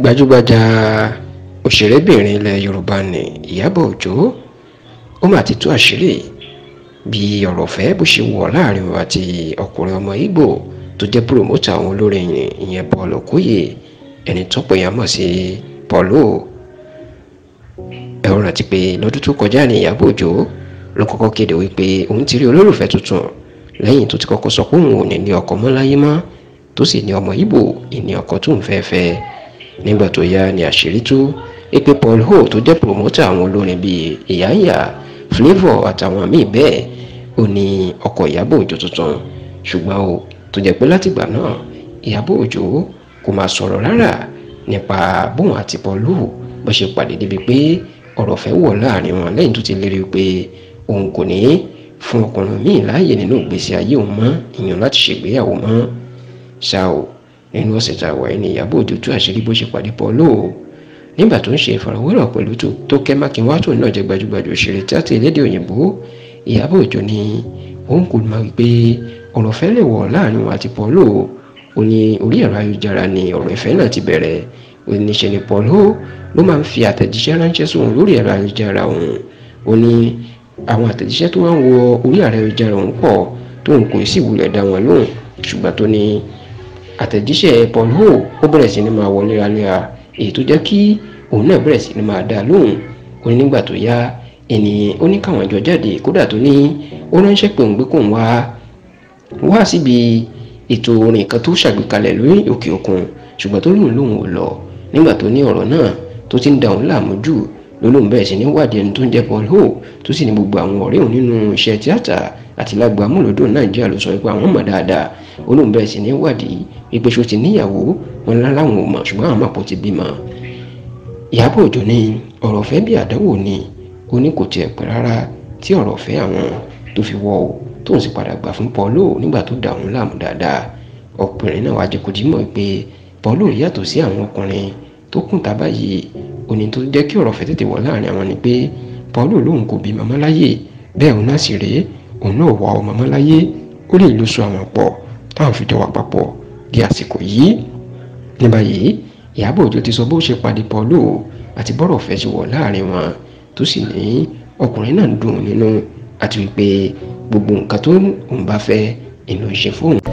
gbajúgbajà òṣèrébìnrin ilẹ̀ yorùbá ni ìyábọ̀ òjó ó mà ti tú àṣírí bí ọ̀rọ̀ ọ̀fẹ́ bó ṣe wọ̀ láàrin òun àti ọkùnrin ọmọ Ìgbò tó jẹ́ pòròmọ́tà àwọn olórin ìyẹn Paul Okoye ẹni tọ́pọ̀ yẹn mọ̀ sí Paul O ẹ̀rọ rántí pé lọ́dún tó kọjá ní ìyábọ̀ òjó ló kọ́kọ́ kéde wípé òun ti rí olólùfẹ́ tuntun lẹ́yìn tó ti kọ́kọ́ sọ pé òun ò ní ní ọkọ mọ́ láyé mọ́ tó sì ní ọmọ Ìgbò ìní ọkọ tó ń fẹ́ fẹ́ nígbà tó yá ni àṣírí tú ipe Paul Ho tó jẹ́ promoter àwọn olórin bíi ìyáyà flavour àtàwọn míì bẹ́ẹ̀ ó ní ọkọ Ìyábọ̀ Òjó tuntun ṣùgbọ́n o tó jẹ́ pé látìgbà náà Ìyábọ̀ Òjó kò máa sọ̀rọ̀ rárá nípa bóun àti Paul Ho bó ṣe pàdé débi pé ọ̀rọ̀ fẹ́ wọ̀ láàrin wọn lẹ́yìn tó ti lérí pé òun kò ní fún ọkùnrin míì láàyè nínú ìgbésí ayé òun mọ́ ìyàn láti ṣègbéyàwó mọ́ ṣá o nínú ọ̀sẹ̀ tá a wáyé ni Ìyábọ̀ Òjó tú àṣírí bó ṣe pàdé Paul Ooo nígbà tó ń ṣe ìfọ̀rọ̀wérọ̀ pẹ̀lú Tókẹ́ Mákinwá tóun náà jẹ́ gbajúgbajù òṣèré tíátà elédè òyìnbó Ìyábọ̀ Òjó ni òun kò mọ̀ pé ọ̀rọ̀ fẹ́ lè wọ̀ láàrin wọn àti Paul Ooo ó ní orí ẹ̀rọ ayélujára ni ọ̀rọ̀ ìfẹ́ náà ti bẹ̀rẹ̀ ó ní ṣe ni Paul Ooo ló máa ń fi àtẹ̀jíṣẹ́ ránṣẹ́ sóun lórí ẹ̀rọ ayélujára òun ó ní àwọn àtẹ̀jíṣẹ́ tó máa ń wọ orí ẹ̀rọ ayélujára òun pọ̀ tóun kò sì wulẹ̀ dá wọn lóhùn ṣùgbọ́n tó ní àtẹ̀jíṣẹ́ pọ̀nhó ó bẹ̀rẹ̀ sí ni máa wọ léraléra èyí tó jẹ́ kí òun náà bẹ̀rẹ̀ sí ni máa dá lóhùn ó ní nígbà tó yá ènìyàn ó ní káwọn jọ jáde kódà tó ní ó ránṣẹ́ pé òun gbé kóun wá wá síbi ètò orin kan tó ṣàgbékalẹ̀ lórí òkè òkun ṣùgbọ́n tó lóun lóun ò lọ nígbà tó ní ọ̀rọ̀ náà tó ti ń da òun láàmú jù lólóhùn bẹ́ẹ̀ sì ní wádìí ẹni tó ń jẹ́ Paul Ho tó sì ní gbogbo àwọn ọ̀rẹ́ òun nínú iṣẹ́ tíátà àti lágbà múlòdó nàìjíríà ló sọ pé àwọn mọ̀ dáadáa olóhùn bẹ́ẹ̀ sì ní wádìí wípé ṣó ti níyàwó wọn láláwọn ò mọ̀ ṣùgbọ́n àwọn àpò ti bímọ. Ìyábọ̀ Òjó ní ọ̀rọ̀ ọ̀fẹ́ bí àdánwò ni ó ní kò tiẹ̀ pẹ́ rárá tí ọ̀rọ̀ ọ̀fẹ́ àwọn tó fi wọ́ o tóun sì padà gbà fún òní tó jẹ́ kí ọ̀rọ̀ fẹ́ tètè wọ̀ láàrin àwọn ni pé Paulu lòun kò bí màmá láyè bẹ́ẹ̀ òun náà sì rèé òun náà wà ọ màmá láyé ó lè lóṣù àwọn pọ̀ táwọn fi jọ wà papọ̀ di àsìkò yìí ní báyìí Ìyábọ̀ Òjó ti sọ bó ṣe pàdé Paulu àti bọ́rọ̀ fẹ́ ṣe wọ̀ láàrin wọn tó sì ní ọkùnrin náà dùn nínú àti wípé gbogbo nǹkan tó ń bá fẹ́ ìlú ìṣe fóun